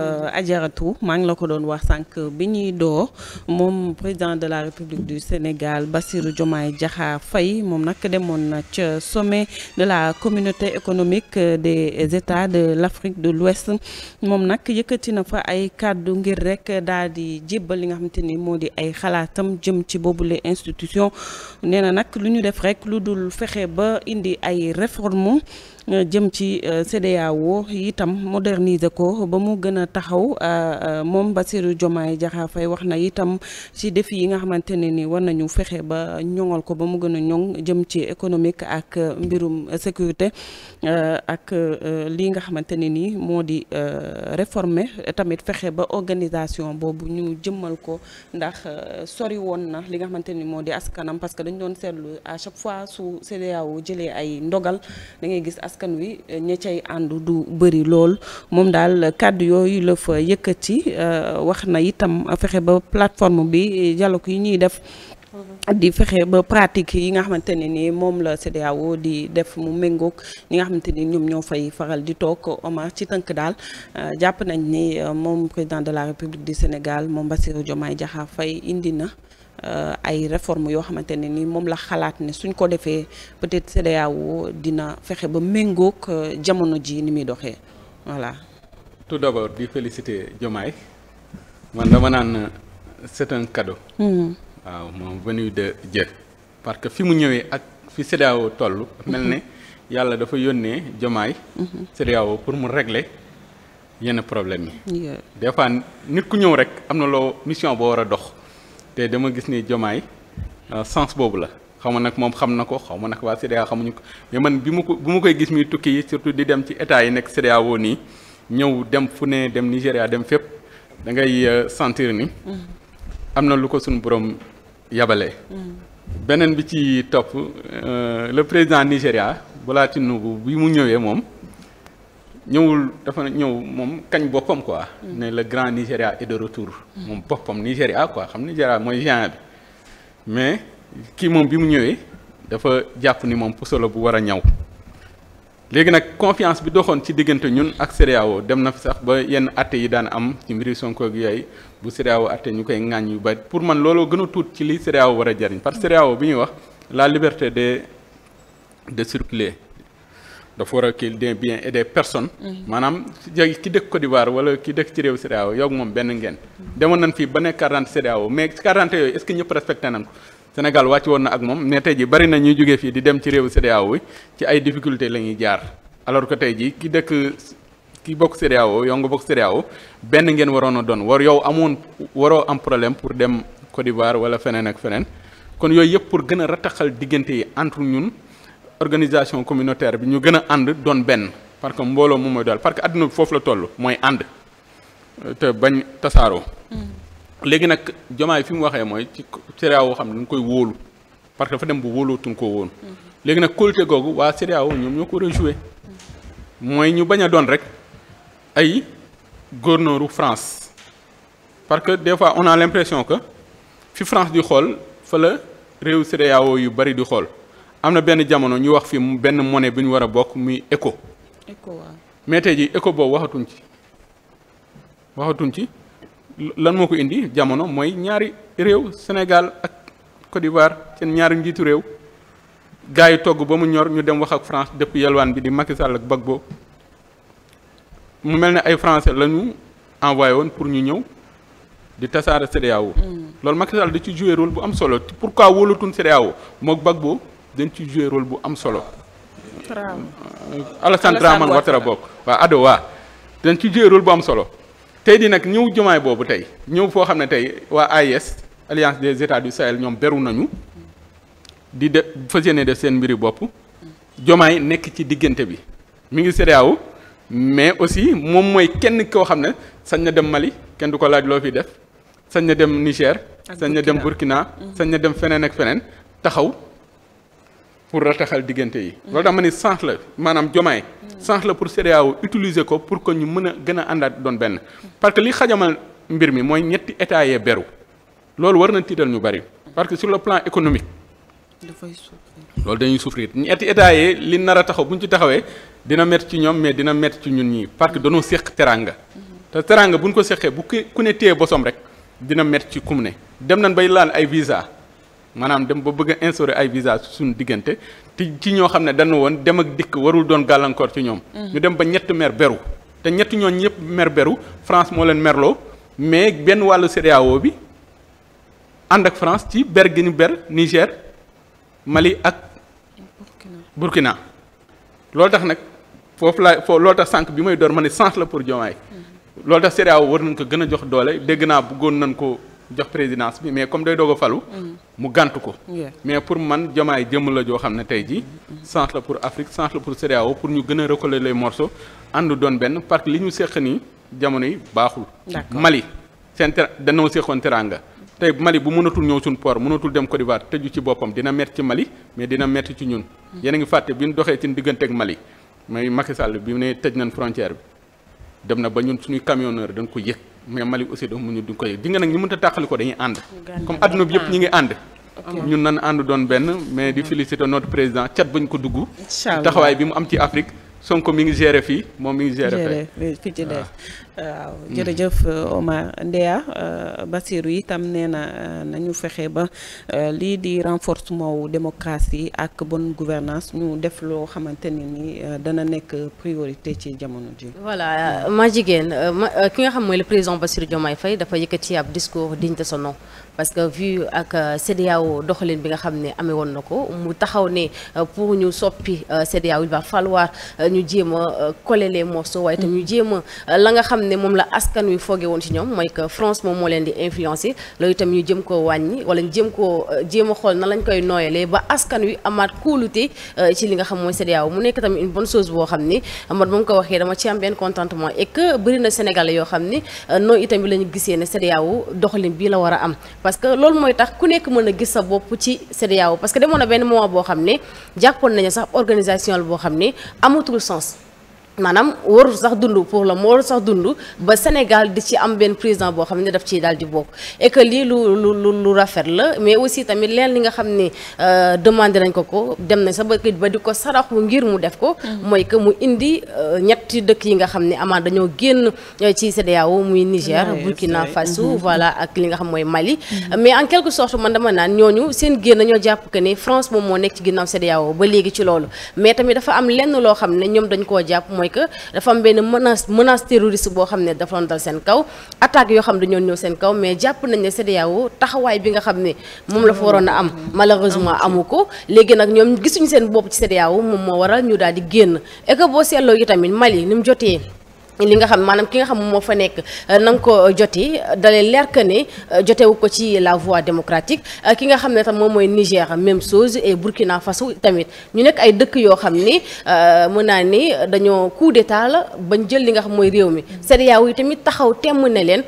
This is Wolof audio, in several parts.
Euh, Ajaratu maa ngi la ko doon wax sànq bi ñuy doo moom président de la République du Sénégal Bassirou Diomaye Diakhar fay moom nag demoon na ca sommet de la communauté économique des États de l'Afrique de l'Ouest moom nag yëkkati na fa ay kàddu ngir rek daal di jébbal li nga xamante ni moo di ay xalaatam jëm ci boobule institution nee na nag lu ñu def rek lu dul fexe ba indi ay réforme jëm ci euh, CEDEAO itam moderniser ko ba mu gën a taxaw euh, euh, moom Bassirou Diomaye Diakhar Faye wax na itam ci défi yi nga xamante ne ni war nañu fexe ba ñoŋal ko ba mu gën a ñoŋ jëm ci économique ak mbirum sécurité ak lii nga xamante ne ni moo di réformer tamit fexe ba organisation boobu ñu jëmmal ko ndax sori woon na li nga xamante ni moo di askanam parce que dañ doon seetlu à chaque fois su CEDEAO jëlee ay ndogal da gis askan wi eh, ña cay àndu du bëri lool moom daal kàddu yooyu la fa yëkkati eh, wax na itam fexe ba plateforme bi eh, dialogue yi ñuy def mhm. di fexe ba pratique yi nga xamante ne ni moom la CEDEAO di def mu méngoog ñi nga xamante ni ñoom ñoo fay faral di toog Omar ci tënk daal jàpp nañ ni moom président de la République du Sénégal moom Bassirou Diomaye Diakhar fay indi na Euh, ay réformes yoo xamante ne ni moom la xalaat ne suñ ko defee peut-être CEDEAO dina fexe ba méngoog euh, jamono ji ni muy doxee voilà. tout d'abord di féliciter Diomaye man dama naan c'est un cadeau. Hmm. waaw moom venu de Dieu. parce que fi mu ñëwee ak fi CEDEAO toll. mel ne hmm. yàlla dafa yónnee Diomaye. Hmm. CEDEAO pour mu régle yenn problème yi. des nit ku ñëw rek am na loo mission boo war a dox. te dama gis ni jomaay euh, sens boobu la xaw ma nag moom xam na ko xaw ma nag waa CEDEAO xamuñu ko mais man bi mu ko bu ma koy gis muy tukki yi surtout di dem ci état yi nekk CEDEAO nii ñëw dem fu ne dem Nigéria dem fépp da ngay euh, sentir ni. Mm-hmm. am na lu ko suñu borom yabale. Mm-hmm. beneen bi ci topp euh, le président Nigéria Bola Tinubu bi mu ñëwee moom. ñëwul dafa ñëw moom kañ boppam quoi. Mm. ne le grand Nigéria est de retour. Mm. moom boppam Nigéria quoi xam Nigéria mooy géant bi mais kii moom bi mu ñëwee dafa jàpp ni moom puso bu war a ñaw. léegi nag confiance bi doxoon ci diggante ñun ak CEDEAO dem na fi sax ba yenn atte yi daan am ci mbiri Sonko ak yooyu bu CEDEAO atte ñu koy ŋaañ yu bari pour man looloo gën a tuut ci li CEDEAO war a jariñ parce que CEDEAO bi ñu wax la liberté de de circuler. dafa war a kii des biens et des personnes. Mhm. maanaam ki dëkk Côte d'Ivoire wala ki dëkk ci réew CEDEAO yow moom benn ngeen. demoon nañ fii ba nekk quarante CEDEAO mais quarante yooyu est-ce que ñëpp respecté nañ ko. Sénégal wàcc woon na ak moom mais tey jii bari na ñuy jógee fii di dem ci réew CEDEAO bi ci ay difficultés la ñuy jaar alors que tey jii ki dëkk ki bokk CEDEAO yow nga bokk CEDEAO benn ngeen waroon a doon war yow amoon waroo am problème pour dem Côte d'Ivoire wala feneen ak feneen kon yooyu yëpp pour gën a rataxal diggante yi entre ñun. organisation communautaire bi ñu gën a ànd doon benn parce que mbooloo moom mooy daal parce que àdduna bi foofu la toll mooy ànd te bañ tasaaroo. Mm. léegi nag jomaay fi mu waxee mooy ci CEDEAO xam ne dañ koy wóolu parce que dafa dem bu wóolootuñ koo woon. Mm. léegi nag kóolute googu waa CEDEAO ñoom ñoo ko rejoué mm. mooy ñu bañ a doon rek ay gouverneur France parce que des fois on a l'impression que fi France di xool fa la réew CEDEAO yu bari di xool. am na benn jamono ñu wax fi benn monnaie bi ñu war a bokk muy éco. éco waaw mais tey jii éco boobu waxatuñ ci waxatuñ ci lan moo ko indi jamono mooy ñaari réew Sénégal ak Côte d'Ivoire seen ñaari njiitu réew gars yi togg ba mu ñor ñu dem wax ak France dëpp yalwaan bi di Macky Sall ak Gbagbo mu mel ni ay français lañu envoyé woon pour ñu ñëw di tasaare CEDEAO. Mm. loolu Macky Sall da ci joué rôle bu am solo pourquoi wóolatuñ CEDEAO moog Gbagbo. dañ ci jouer bu am solo. Euh, Alassane Dramane Ouattara bokk waa ado waa dañ ci jouer bu am solo tey di nag ñëw jumaay boobu tey ñëw foo xam ne tey waa AIS alliance des états du Sahel ñoom beru nañu di de fa yéene def seen mbiri bopp jomaay nekk ci diggante bi mi ngi CEDEAO mais aussi moom mooy kenn koo xam ne sañ na dem Mali kenn du ko laaj loo fi def sañ na dem Niger sañ na dem Burkina mm-hmm. sañ na dem feneen ak feneen taxaw pour rataxal diggante yi. loolu tax ma ni la maanaam jomaay. sens la pour CEDEAO utiliser ko pour que ñu mën a gën a àndaat doon benn. parce que li xajamal mbir mi mooy ñetti état yee beru loolu war na tiital ñu bari. parce que sur le plan économique. loolu dañuy souffrir ñetti état yee li nar a taxaw bu ñu ci taxawee dina métti ci ñoom mais dina métti ci ñun ñi parce que dañoo séq teraanga. te teraanga bu ñu ko séqee bu ku ne téye bosom rek dina métti ci kum dem nañ bay laal ay visa. maanaam dem ba bëgg a ay visa suñu diggante te ci ñoo xam ne dañu woon dem ak dikk warul doon gàllankoor ci ñoom. Mm. ñu dem ba ñett mer beru te ñett ñooñ ñëpp mer beru France moo leen merloo mais benn wàll CEDEAO bi ànd ak France ci ber gi ber Niger Mali ak. Burkina loolu tax nag foofu laa foofu loolu tax sànq bi may door ma ne sens la pour Diomaye mm. loolu tax CEDEAO war nañ ko gën a jox doole dégg naa bëggoon nañ ko. jox présidence bi mais comme day doog a falu. mu gànt ko. mais pour man jomaay jëmm la joo xam ne tey jii. chance la pour Afrique chance la pour CEDEAO pour ñu gën a recoller les morso ànd doon benn parce li ñu seq nii jamono yi baaxul. Mali seen ter danoo seqoon teraanga. tey Mali bu mënatul ñëw suñu port mënatul dem Côte d'Ivoire tëju ci boppam dina metti ci Mali mais dina metti ci ñun. yéen ngi fàtte bi nu doxee ci diggante ak Mali mais Macky Sall bi ne tëj nañ frontière bi dem na ba ñun suñuy camionneur dañ ko yëg. mais Mali aussi doo mu ñu du ko yëg di nga nag ñu mënta tàqali ko dañuy ànd comme adduna bi yëpp ñu ngi ànd ñun nan ànd doon benn mais di mhm. féliciter notre président cat bañ ko dugg taxawaay bi mu am ci Afrique Sonko mi ngi géré fii moom mi ngi géré fee waaw mm-hmm. jërëjëf euh, Omar Ndeya euh, Basiru itam nee na euh, nañu fexe ba lii di renforcement wu démocratie ak bon gouvernance ñu def loo xamante ne ni dana nekk priorité ci jamono ji. voilà ma jigéen ma ki nga xam mooy le président Bassirou Diomaye fay dafa yëkkati ab discours digne de son nom parce que vu ak CEDEAO doxalin bi nga xam ne amee woon na ko mu taxaw ne pour ñu soppi CEDEAO il va ñu jéem a coller les morceaux waaye tam ñu jéem la nga xam xam ne moom la askan wi fooge woon ci ñoom mooy que France moom moo leen di influencer loolu itam ñu jëm ko wàññi wala ñu jëm koo euh, jéem a xool na lañ koy nooyalee ba askan wi amaat kóolute euh, ci li nga xam mooy CEDEAO mu nekk tamit une bonne chose boo xam ni man bu ko waxee dama ci am benn contentement et que bëri na Sénégalais yoo xam ni euh, noonu itam bi la ñu gisee ne CEDEAO doxalin bii la war a am parce que loolu mooy tax ku nekk mën a gis sa bopp ci CEDEAO parce que demoon na benn moment boo xam ne jàppoon nañu sax organisation la boo xam ne amatul sens maanaam warul sax dund pour la warul sax dund ba Sénégal di ci am benn président boo xam ne daf ciy daal di bokk et que lii lu lu lu lu rafet la mais aussi tamit leen li nga xam ne euh, demandé nañ ko ko dem nañ sa ba ba di ko saraxu ngir mu def ko. Mm-hmm. mooy que mu indi euh, ñetti dëkk yi nga xam ne amaan dañoo génn euh, ci CEDEAO muy Niger Burkina Faso mm-hmm. voilà ak li nga xam mooy Mali. Mm-hmm. mais en quelque sorte man dama ñooñu seen génn ñoo jàpp que ne France moom moo nekk ci ginnaaw CEDEAO léegi ci loolu mais tamit dafa am lenn loo xam ne ñoom dañ koo jàpp mooy que dafa am benn menace menace terroriste boo xam ne dafa doon dal seen kaw attaque yoo xam dañoo ñëw seen kaw mais jàpp nañ ne CEDEAO taxawaay bi nga xam ne moom la fa waroon a am malheureusement amu ko léegi nag ñoom gisuñu seen bopp ci CEDEAO moom moo waral ñu daal di génn et boo seetloo yi tamit Mali ni mu jotee li nga xam maanaam ki nga xam moo fa nekk euh, na nga ko euh, joti euh, dalee leer que ne jotewu ko ci la voie démocratique ki nga xam ne tam moom mooy Niger même chose et Burkina Faso tamit ñu nekk ay dëkk yoo xam ni mën naa ni dañoo coup d'état la bañ jël li nga xam mooy réew mi CEDEAO yi tamit taxaw temm ne leen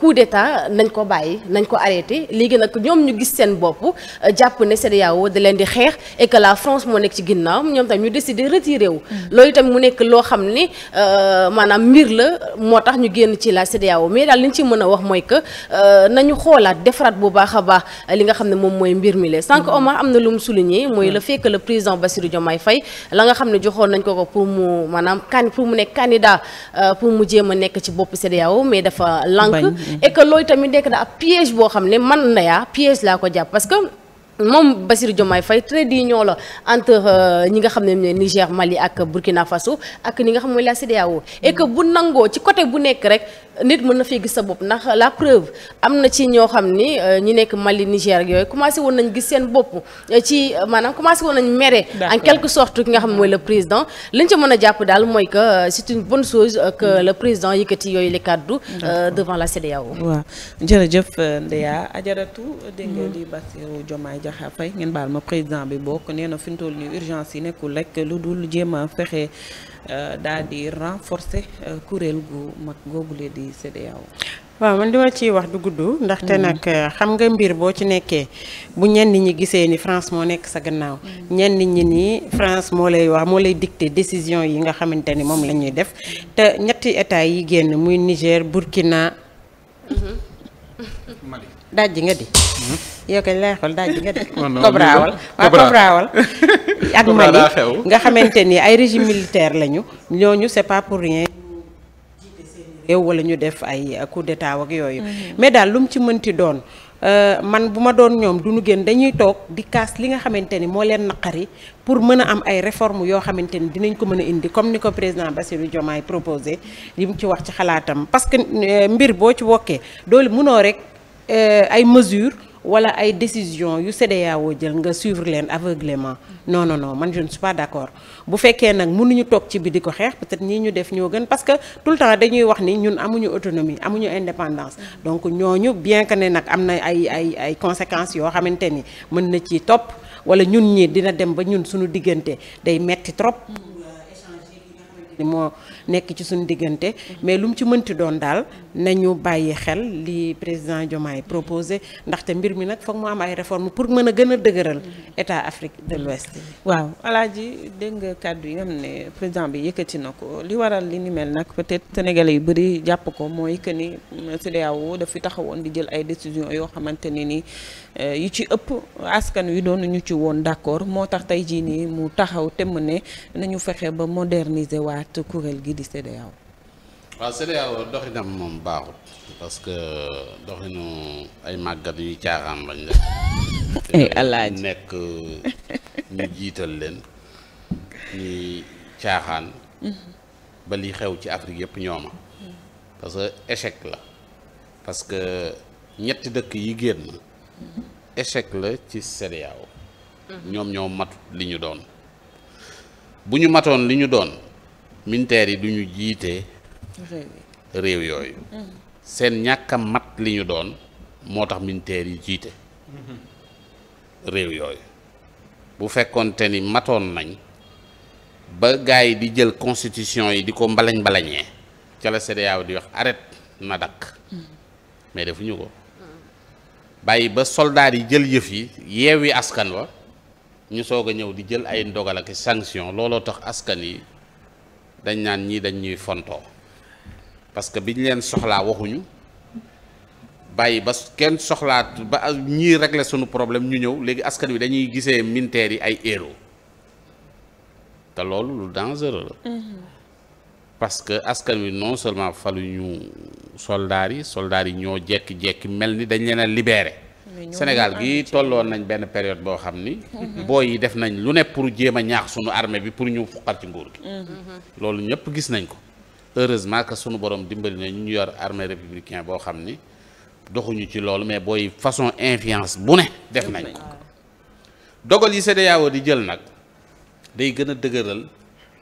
coup d'état nañ ko bàyyi nañ ko arrêté léegi nag ñoom ñu gis seen bopp jàpp ne CEDEAO da leen di xeex et que la France moo nekk ci ginnaaw ñoom tam ñu décidé retiré wu mm. mbir la moo tax ñu génn ci la CEDEAO mais daal li ñu ci mën a wax mooy que euh, nañu xoolaat defaraat bu baax a baax li nga xam ne moom mooy mbir mi la sànq mm-hmm. Omar am na lu mu souligné mooy mm-hmm. le fait que le président Bassirou Diomaye Faye la nga xam ne joxoon nañ ko ko pour mu maanaam kan pour mu nekk candidat euh, pour mu jéem a nekk ci bopp CEDEAO mais dafa lànk mm-hmm. et loolu tamit nekk na ab piège boo xam ne man na yaa piège laa ko jàpp moom Bassirou Diomaye Faye trait d'union la entre euh, ñi nga xam ne ne Niger Mali ak Burkina Faso ak ñi nga xam mooy la CEDEAO et que bu nangoo ci côté bu nekk rek nit mën na fee gis sa bopp ndax la preuve am na ci ñoo xam ni euh, ñi nekk Mali Niger ak yooyu commencé woon nañ gis seen bopp ci maanaam commencé woon nañ mere en quelque sorte ki nga xam ne mooy le président liñ ci mën a jàpp daal mooy que euh, c'est une bonne chose que le président yëkkati yooyu les kaddu devant la CEDEAO waaw jërëjëf Ndeya Adjaratou dégg nga Diakhar Faye ngeen baal ma président bi bokk nee na fi mu toll nii urgence yi nekkul rek lu dul jéem a fexe euh, daal di renforcer euh, kuréel gu mag googulee di CEDEAO. waaw man li ma ciy wax du gudd ndaxte mm-hmm. nag euh, xam nga mbir boo ci nekkee bu ñenn ñi gisee ni France moo nekk sa gannaaw mm-hmm. ñenn ñi ni France moo lay wax moo lay dicté décision yi nga xamante ni moom lañuy def te ñetti état yi génn muy Niger Burkina. Mali mm-hmm. dajji nga di. yow kay lay xool daaj bi nga def. kobraawal waaw kobraawal ak Mali nga xamante ni ay régime militaire lañu ñooñu c'est pas pour rien. réew wala ñu def ay coup d'état ak yooyu. Mhm. mais daal lu mu ci mënti doon. Uh, man bu ma doon ñoom du ñu génn dañuy toog di kaas li nga xamante ni moo leen naqari pour mën a am ay réformes yoo xamante ni dinañ ko mën a indi comme ni ko président Bassirou Diomaye proposé li mu ci wax ci xalaatam parce que euh, mbir boo ci wokkee doolu mënoo rek uh, ay mesures wala ay décision yu CEDEAO jël nga suivre leen aveuglément non non non man je ne pas d'accord bu fekkee nag mënuñu toog ci bi di ko xeex peut-être ñii ñu def ñoo gën parce que tout le temps dañuy wax ni ñun amuñu autonomie amuñu indépendance donc ñooñu bien que ne nag am na ay ay ay conséquences yoo xamante ni mën na ci topp wala ñun ñi dina dem ba ñun suñu diggante day metti trop ni moo nekk ci suñu diggante mais lu mu ci mënti doon daal nañu bàyyi xel li président yi proposé ndaxte mbir mi nag foog mu am ay réforme pour mën a gën a dëgëral état Afrique de l'Ouest waaw alaaji dégg nga kàddu yi nga ne président bi yëkkati na ko li waral li ni mel nag peut-être sénégalais yu bëri jàpp ko mooy que ni euh, CEDEAO dafi taxawoon di jël ay décisions yoo xamante ne ni euh, yu ci ëpp askan wi doon ñu ci woon d'accord moo tax tey jii nii mu taxaw temm ne nañu fexe ba moderniser waa ak kuréel gi di CEDEAO waaw doxinam moom baaxut parce que doxinu ay màggat yu caaxaan lañ def nekk ñu jiital leen ñuy caaxaan mm-hmm. ba li xew ci Afrique yëpp ñooma parce que échec la parce que ñetti dëkk yi génn mm-hmm. échec la ci CEDEAO mm-hmm. ñoom ñoo matut li ñu doon bu ñu matoon li ñu doon militaires yi duñu jiite réew yooyu seen ñàkk a mat li ñu doon moo tax militaires yi jiite réew yooyu bu fekkoonte ni matoon nañ ba gars yi di jël constitution yi di ko mbalañ mbalañee ca la CEDEAO di wax arrête na dakk mais defuñu ko bàyyi ba soldaar yi jël yëf yi yeewi askan wa ñu soog a ñëw di jël ay ndogal ak sanction looloo tax askan yi dañ naan ñii dañ ñuy fontoo parce que biñ leen soxlaa waxuñu bàyyi ba kenn soxlaat ba ñii regle suñu problème ñu ñëw léegi askan wi dañuy gisee militaires yi ay héros te loolu lu dangereux la. Mhm. parce que askan wi non seulement falu ñu soldats yi soldats yi ñoo jekki-jekki mel ni dañ leen a libéré. Sénégal gi tolloon nañ benn période boo xam ni. Mhm. booy yi def nañ lu ne pour jéem a ñaax sunu armée bi pour ñu fuqar ci nguur gi. Mhm. loolu ñëpp gis nañ ko heureusement que sunu borom dimbali na ñu yor armée républicain boo xam ni doxuñu ci loolu mais booy façon influence bu ne def nañ ko. dogal yi CEDEAO di jël nag day gën a dëgëral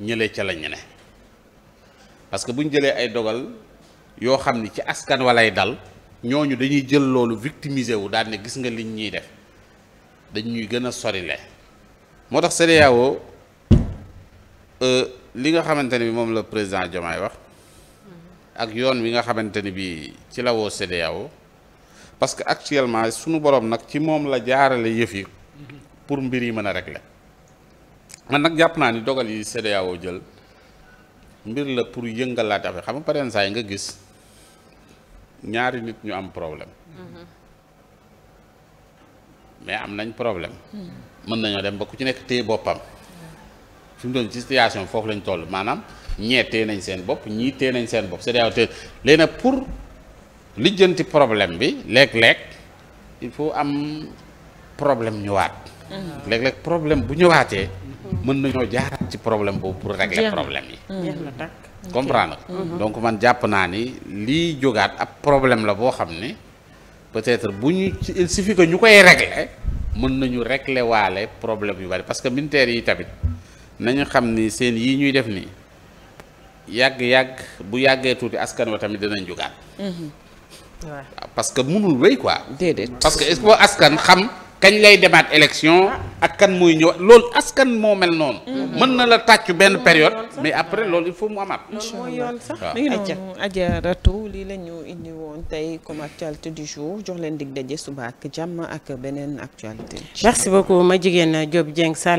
ñële ca la ne parce que bu jëlee ay dogal yoo xam ni ci askan walay dal. ñooñu dañuy jël loolu victimiser wu daal ne gis nga liñ ñuy def dañ ñuy gën a sorile moo tax CEDEAO euh, li nga xamante ne bi moom la président Diomaye wax ak yoon wi nga xamante ni bi ci la woo CEDEAO parce que actuellement sunu borom nag ci moom la jaarale yëf yi pour mbir yi mën a régler man nag jàpp naa ni dogal yi CEDEAO jël mbir la pour yëngalaat affaire xam nga pareen saa yi nga gis ñaari nit ñu am problème. mais am nañ problème. mën nañoo dem ba ku ci nekk téye boppam. fi doon ci foofu lañ toll maanaam ñee nañ seen bopp ñii téye nañ seen bopp c'est-à-dire te léegi nag pour lijjanti problème bi léeg-léeg il faut am problème ñëwaat. léeg-léeg problème bu ñëwaatee. mën nañoo jaaraat ci problème boobu pour régler problème yi. comprendre mm-hmm. donc man jàpp naa ni lii jógaat ab problème la boo xam ne peut-être bu ñu il suffit que ñu koy régler mën nañu régler waale problème yu bari parce que militaires yi tamit nañu xam ni seen yii ñuy def nii yàgg-yàgg bu yàggee tuuti askan wa tamit dinañ jógaat waaw mm-hmm. que mënul wéy quoi déedéet parce que askan xam kañ lay demaat élection ak kan muy ñëw loolu askan moo mel noonu. Mhm. mën na la tàccu benn période mais après lool il faut mu amaat. incha allah mooy yoon sax. mi ngi noonu lii la ñu indi woon tey comme actualité du jour jox leen dig daje suba ak jàmm ak beneen actualité. merci beaucoup ma jigéen Diop Dieng Sall.